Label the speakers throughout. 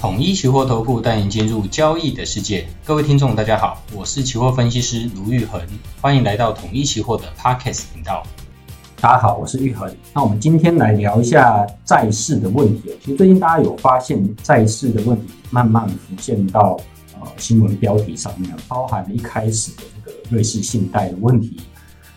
Speaker 1: 統一期貨投顧帶你進入交易的世界。各位聽眾，大家好，我是期貨分析師盧昱衡，歡迎來到統一期貨的 Podcast 頻道。大家好，我是昱衡。那我們今天來聊一下債市的問題哦。其實最近大家有發現債市的問題，慢慢浮現到呃新聞標題上面，包含了一開始的這個瑞士信貸的問題，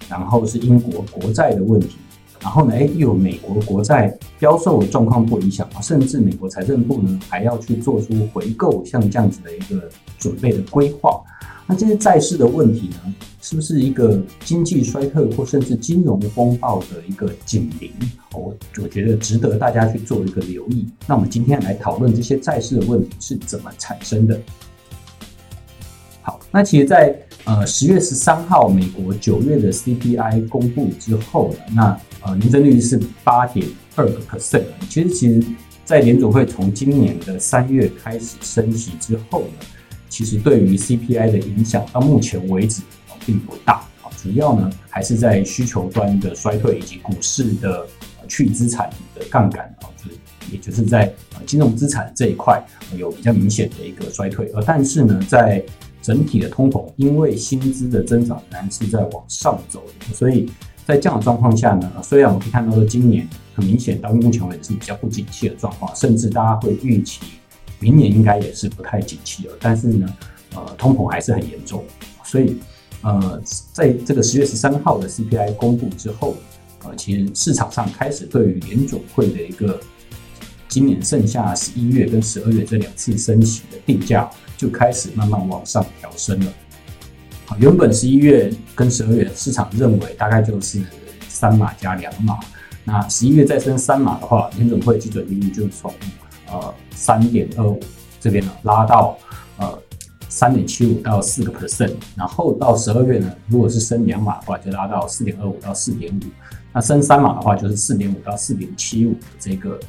Speaker 1: 然後是英國國債的問題。然後呢誒？又有美國國債標售狀況不理想，甚至美國財政部呢還要去做出回購像這樣子的一個準備的規劃。那這些債市的問題呢，是不是一個經濟衰退或甚至金融風暴的一個警鈴？我我覺得值得大家去做一個留意。那我們今天來討論這些債市的問題是怎麼產生的。好，那其實，在呃十月十三號美國九月的 CPI 公布之後呢，那呃，年增率是八點二個 percent。其實，其實在聯儲會從今年的三月開始升息之後呢，其實對於 CPI 的影響到目前為止、哦、並不大啊、哦。主要呢還是在需求端的衰退，以及股市的、呃、去資產的槓桿導致，哦、就也就是在、呃、金融資產這一塊、呃、有比較明顯的一個衰退。而、呃、但是呢，在整體的通膨，因為薪資的增長還是在往上走的，所以。在這樣的狀況下呢，雖然我們可以看到說今年很明顯到目前為止是比較不景氣的狀況，甚至大家會預期明年應該也是不太景氣了。但是呢，呃，通膨還是很嚴重，所以呃，在這個十月十三號的 CPI 公布之後，呃，其實市場上開始對於聯準會的一個今年剩下十一月跟十二月這兩次升息的定價就開始慢慢往上調升了。原本十一月跟十二月市場認為大概就是三碼加兩碼，那十一月再升三碼的話，聯準會基準利率就從呃三點二五這邊呢拉到呃三點七五到四個 percent，然後到十二月呢，如果是升兩碼的話，就拉到四點二五到四點五，那升三碼的話就是四點五到四點七五的這個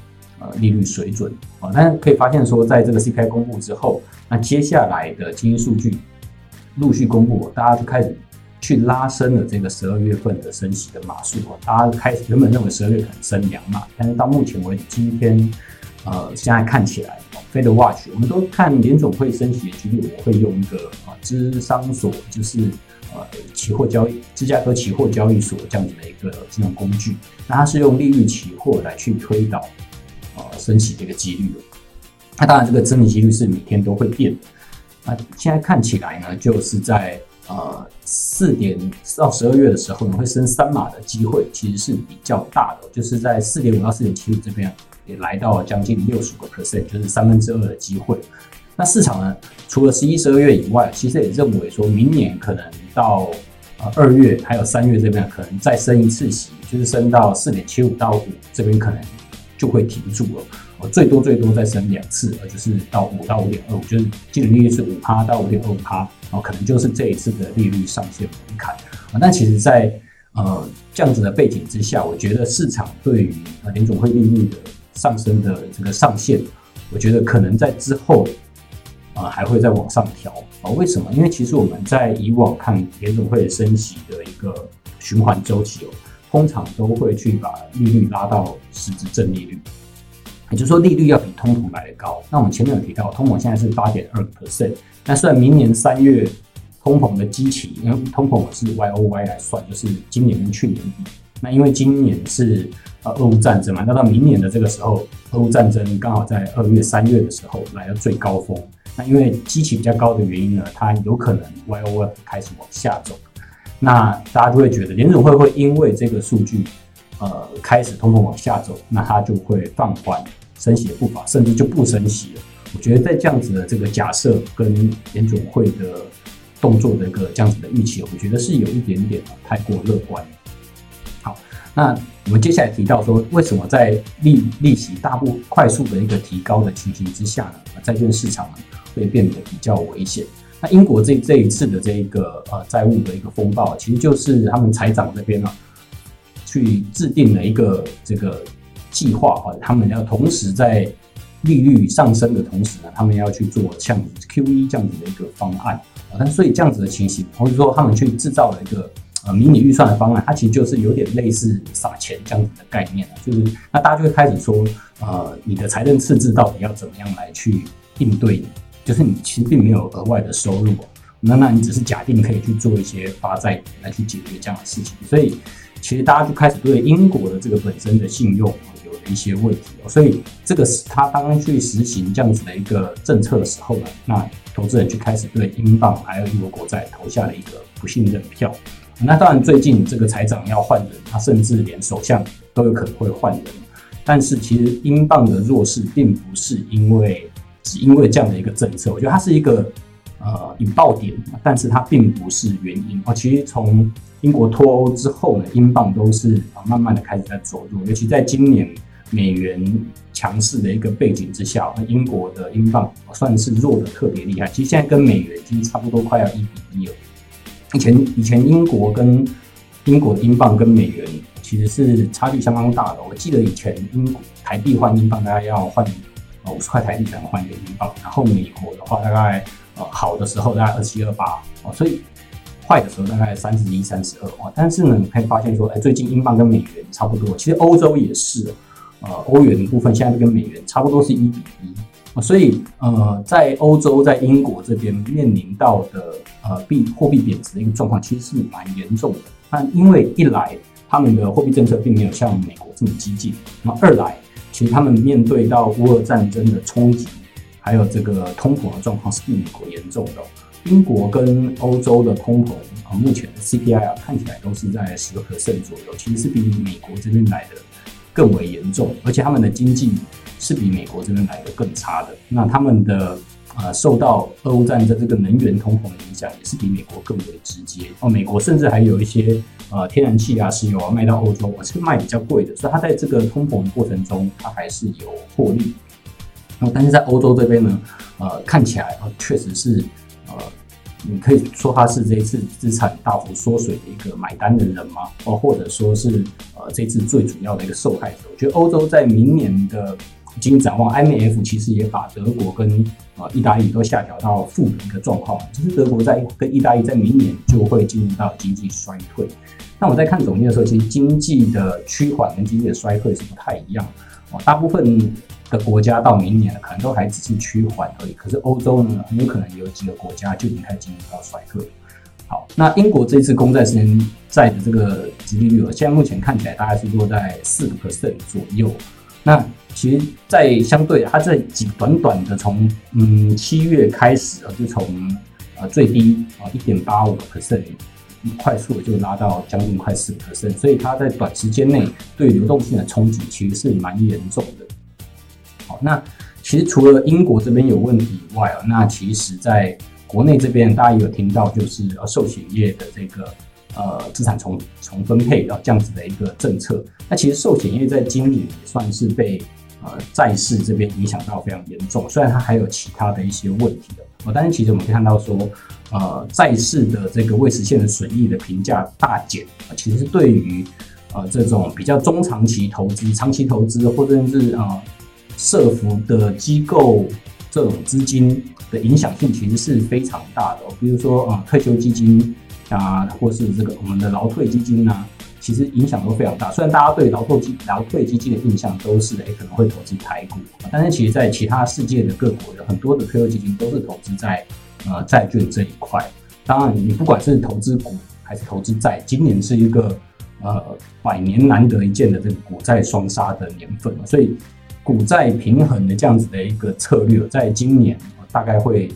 Speaker 1: 呃利率水準。啊，但是可以發現說，在這個 CPI 公布之後，那接下來的經營數據。陸續公布，大家就開始去拉升了這個十二月份的升息的碼數啊。大家開始原本認為十二月可能升兩碼，但是到目前為止，今天呃，現在看起來 FedWatch，我們都看聯準會升息的幾率，我會用一個啊，芝商所就是呃、啊，期貨交易芝加哥期貨交易所這樣子的一個金融工具，那它是用利率期貨來去推導呃、啊、升息這個幾率的。那、啊、當然，這個升息幾率是每天都會變的。那現在看起來呢，就是在呃四點到十二月的時候呢，會升三碼的機會其實是比較大的，就是在四點五到四點七五這邊也來到了將近六十個 percent，就是三分之二的機會。那市場呢，除了十一、十二月以外，其實也認為說明年可能到呃二月還有三月這邊可能再升一次息，就是升到四點七五到五這邊可能就會停住了。最多最多再升兩次，就是到五到五點二五，就是基準利率是五趴到五點二五趴，然後可能就是這一次的利率上限門檻啊。那其實在，在呃這樣子的背景之下，我覺得市場對於呃聯準會利率的上升的這個上限，我覺得可能在之後啊、呃、還會再往上調啊。為什麼？因為其實我們在以往看聯準會升息的一個循環周期哦，通常都會去把利率拉到實質正利率。也就是說，利率要比通膨來的高。那我們前面有提到，通膨現在是八點二 percent。那算明年三月通膨的基期，因為通膨是 Y O Y 來算，就是今年跟去年比。那因為今年是呃俄烏戰爭嘛，那到明年的這個時候，俄烏戰爭剛好在二月、三月的時候來到最高峰。那因為基期比較高的原因呢，它有可能 Y O Y 開始往下走。那大家就會覺得，聯準會會因為這個數據，呃，開始通膨往下走，那它就會放緩升息的步伐，甚至就不升息了。我覺得在這樣子的這個假設跟聯準會的動作的一個這樣子的預期，我覺得是有一點點、啊、太過樂觀了。好，那我們接下來提到說，為什麼在利利息大幅快速的一個提高的情形之下呢，債、啊、券市場呢會變得比較危險？那英國這這一次的這個呃債、啊、務的一個風暴，其實就是他們財長這邊啊，去制定了一個這個。計劃，或者他們要同時在利率上升的同時呢，他們要去做像 QE 這樣子的一個方案啊。但所以這樣子的情形，或者說他們去製造了一個呃迷你預算的方案，它其實就是有點類似撒錢這樣子的概念，就是，那大家就會開始說，呃，你的財政赤字到底要怎麼樣來去應對你？就是你其實並沒有額外的收入，那、啊、那你只是假定可以去做一些發債來去解決這樣的事情。所以其實大家就開始對英國的這個本身的信用。有一些問題，所以這個是他剛剛去實行這樣子的一個政策的時候呢，那投資人就開始對英鎊還有英國國債投下了一個不信任票。那當然最近這個財長要換人，他甚至連首相都有可能會換人。但是其實英鎊的弱勢並不是因為是因為這樣的一個政策，我覺得它是一個。呃，引爆點，但是它並不是原因。其實從英國脫歐之後呢，英鎊都是慢慢的開始在走弱，尤其在今年美元強勢的一個背景之下，那英國的英鎊算是弱的特別厲害。其實現在跟美元已經差不多快要一比一了。以前以前英國跟英國的英鎊跟美元其實是差距相當大的。我記得以前英國台幣換英鎊大概要換五十塊台幣才能換一個英鎊，然後美國的話大概。呃，好的時候大概二七二八哦，所以壞的時候大概三十一三十二哦。但是呢，你可以發現說，哎，最近英鎊跟美元差不多，其實歐洲也是，呃，歐元的部分現在跟美元差不多是一比一。所以呃，在歐洲，在英國這邊面臨到的呃幣貨幣貶值的一個狀況，其實是蠻嚴重的。那因為一來他們的貨幣政策並沒有像美國這麼激進，那二來其實他們面對到烏俄戰爭的衝擊。還有這個通膨的狀況是比美國嚴重的，英國跟歐洲的通膨啊，目前的 CPI 啊看起來都是在十個 percent 左右，其實是比美國這邊來的更為嚴重，而且他們的經濟是比美國這邊來的更差的。那他們的啊受到俄烏戰爭這個能源通膨的影響，也是比美國更為直接。哦，美國甚至還有一些啊天然氣啊、石油啊賣到歐洲，是賣比較貴的，所以它在這個通膨的過程中，它還是有獲利。但是在歐洲這邊呢，呃，看起來啊，確、呃、實是呃，你可以說他是這一次資產大幅縮水的一個買單的人嗎？哦，或者說是呃，這次最主要的一個受害者。我覺得歐洲在明年的經濟展望，IMF 其實也把德國跟意、呃、大利都下調到負的一個狀況，就是德國在跟意大利在明年就會進入到經濟衰退。那我在看總結的時候，其實經濟的趨緩跟經濟的衰退是不太一樣，呃、大部分。的國家到明年可能都還只是趨緩而已。可是歐洲呢，很有可能有幾個國家就已經開始進入到衰退。好，那英國這次公債、時間債的這個殖利率，現在目前看起來大概是落在四個 percent 左右。那其實，在相對它這幾短短的從嗯七月開始啊，就從呃最低啊一點八五 percent 快速就拉到將近快四個 percent，所以它在短時間內對流動性的衝擊其實是蠻嚴重的。那其實除了英國這邊有問題以外啊，那其實在國內這邊大家也有聽到，就是呃壽險業的這個呃資產重重分配啊這樣子的一個政策。那其實壽險業在今年也算是被呃債市這邊影響到非常嚴重，雖然它還有其他的一些問題的，哦、呃，但是其實我們可以看到說，呃債市的這個未實現的損益的評價大減，呃，其實是對於呃這種比較中長期投資、長期投資，或者是啊。呃社福的機構這種資金的影響性其實是非常大的。哦，比如說啊、呃，退休基金啊、呃，或是這個我們的勞退基金呢、啊，其實影響都非常大。雖然大家對勞退基勞退基金的印象都是、欸、可能會投資台股，但是其實在其他世界的各國有很多的退休基金都是投資在呃債券這一塊。當然，你不管是投資股還是投資債，今年是一個呃百年難得一見的這個股債雙殺的年份，所以。股債平衡的這樣子的一個策略，在今年大概會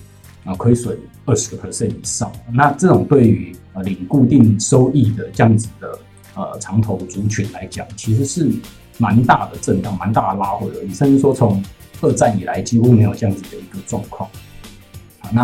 Speaker 1: 啊虧損二十個 percent 以上。那這種對於呃領固定收益的這樣子的呃長投族群來講，其實是蠻大的震盪，蠻大的拉回而已。甚至說從二戰以來幾乎沒有這樣子的一個狀況。好，那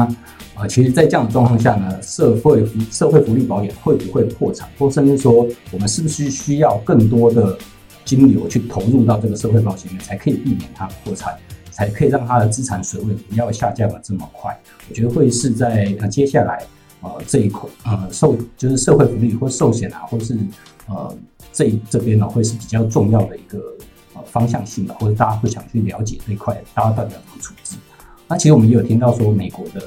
Speaker 1: 啊，其實，在這樣的狀況下呢，社會福社會福利保險會不會破產，或甚至說我們是不是需要更多的？金流去投入到這個社會保險裡面，才可以避免它破產，才可以讓它的資產水位不要下降的這麼快。我覺得會是在那接下來，呃，這一塊呃，壽就是社會福利或壽險啊，或是呃，這這邊呢、啊、會是比較重要的一個呃方向性的、啊，或者大家會想去了解這塊，大家到底要怎麼處置。那其實我們也有聽到說美國的。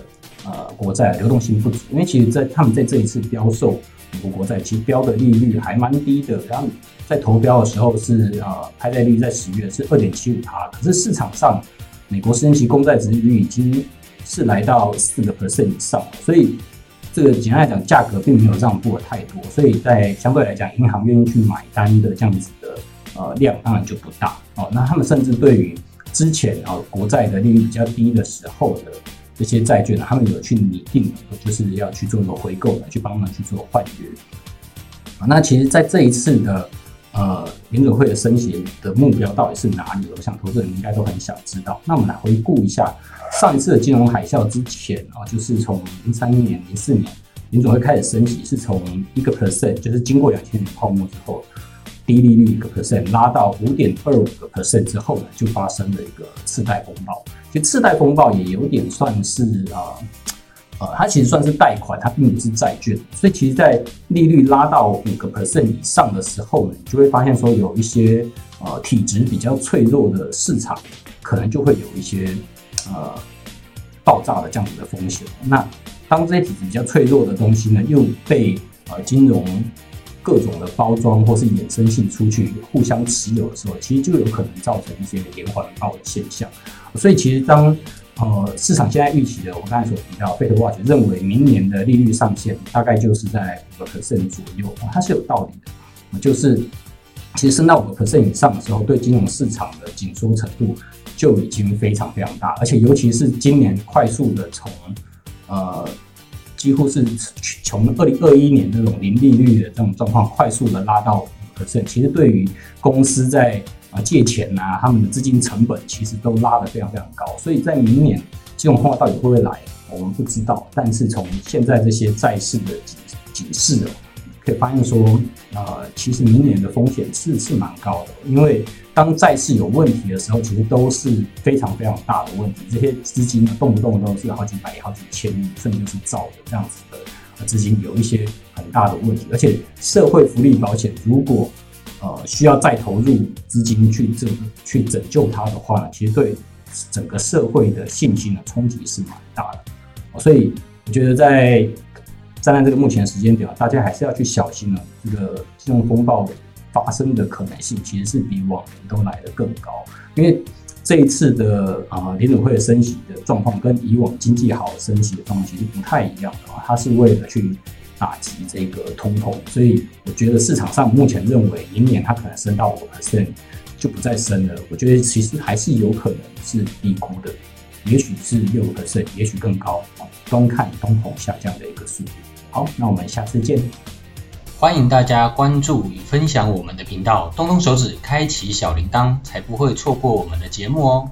Speaker 1: 呃，國債、啊、流動性不足，因為其實，在他們在這一次標售美國國債，其實標的利率還蠻低的。剛在投標的時候是呃，拍賣率，在十月是二點七五趴，可是市場上美國十年期公債殖率已經是來到四個 percent 以上了，所以這個簡單來講，價格並沒有讓步的太多，所以在相對來講，銀行願意去買單的這樣子的呃量，當然就不大哦。那他們甚至對於之前啊、呃，國債的利率比較低的時候的。這些債券，他們有去擬定了，就是要去做一個回購的，去幫忙去做換約。啊，那其實在這一次的呃，聯準會的升息的目標到底是哪裡？我想投資人應該都很想知道。那我們來回顧一下上一次的金融海嘯之前啊，就是從零三年、零四年聯準會開始升息，是從一個 percent，就是經過兩千年泡沫之後。低利率一個 percent 拉到五點二五個 percent 之後呢，就發生了一個次貸風暴。其實次貸風暴也有點算是啊、呃，呃，它其實算是貸款，它並不是債券。所以其實，在利率拉到五個 percent 以上的時候呢，你就會發現說，有一些呃體質比較脆弱的市場，可能就會有一些呃爆炸的這樣子的風險。那當這些體質比較脆弱的東西呢，又被呃金融各種的包裝或是衍生性出去互相持有的時候，其實就有可能造成一些連環爆的現象。所以，其實當呃市場現在預期的，我剛才所提到，FedWatch 認為明年的利率上限大概就是在五個 percent 左右。哦，它是有道理的。就是其實升到五個 percent 以上的時候，對金融市場的緊縮程度就已經非常非常大，而且尤其是今年快速的從呃。幾乎是從二零二一年這種零利率的這種狀況，快速的拉到5%。其實對於公司在啊借錢吶、啊，他們的資金成本其實都拉得非常非常高。所以在明年這種話到底會不會來，我們不知道。但是從現在這些債市的警示呢，可以發現說，呃，其實明年的風險是是蠻高的，因為當債市有問題的時候，其實都是非常非常大的問題。這些資金呢動不動都是好幾百億、好幾千億甚至就是兆的這樣子的資金，有一些很大的問題。而且社會福利保險如果呃需要再投入資金去這個去拯救它的話呢，其實對整個社會的信心的衝擊是蠻大的。所以我覺得在站在這個目前的時間點，大家還是要去小心啊、哦。這個金融風暴發生的可能性，其實是比往年都來得更高。因為這一次的啊，聯、呃、儲會的升息的狀況，跟以往經濟好升息的狀況其實不太一樣啊、哦。它是為了去打擊這個通膨，所以我覺得市場上目前認為明年它可能升到五 percent 就不再升了。我覺得其實還是有可能是低估的，也許是六個 percent，也許更高啊。哦、要看通膨下降的一個速度。好，那我們下次見。歡迎大家關注與分享我們的頻道，動動手指，開啟小鈴鐺，才不會錯過我們的節目哦。